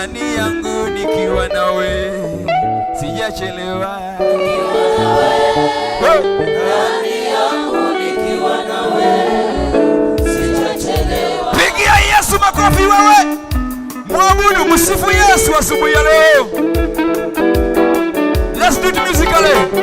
Sahani yangu nikiwa nawe sijachelewa, pigia Yesu makofi wewe, mwabudu msifu Yesu asubuhi ya leo. Let's do it musically.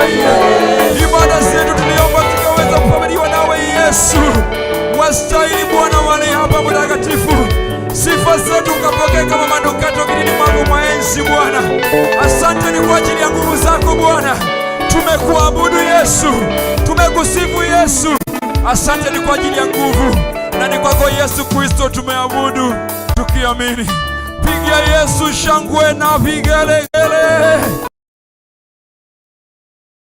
ibada zetu tuliomba tukaweza kufamiliwa nawe Yesu. Wastahili Bwana wale hapa mtakatifu, sifa zetu ukapokee kama manukato kilini mwako mwaenzi Bwana. Asante ni kwa ajili ya nguvu zako Bwana, tumekuabudu Yesu, tumekusifu Yesu. Asante ni kwa ajili ya nguvu na ni kwako Yesu Kristo tumeabudu tukiamini. Piga Yesu shangwe na vigelegele.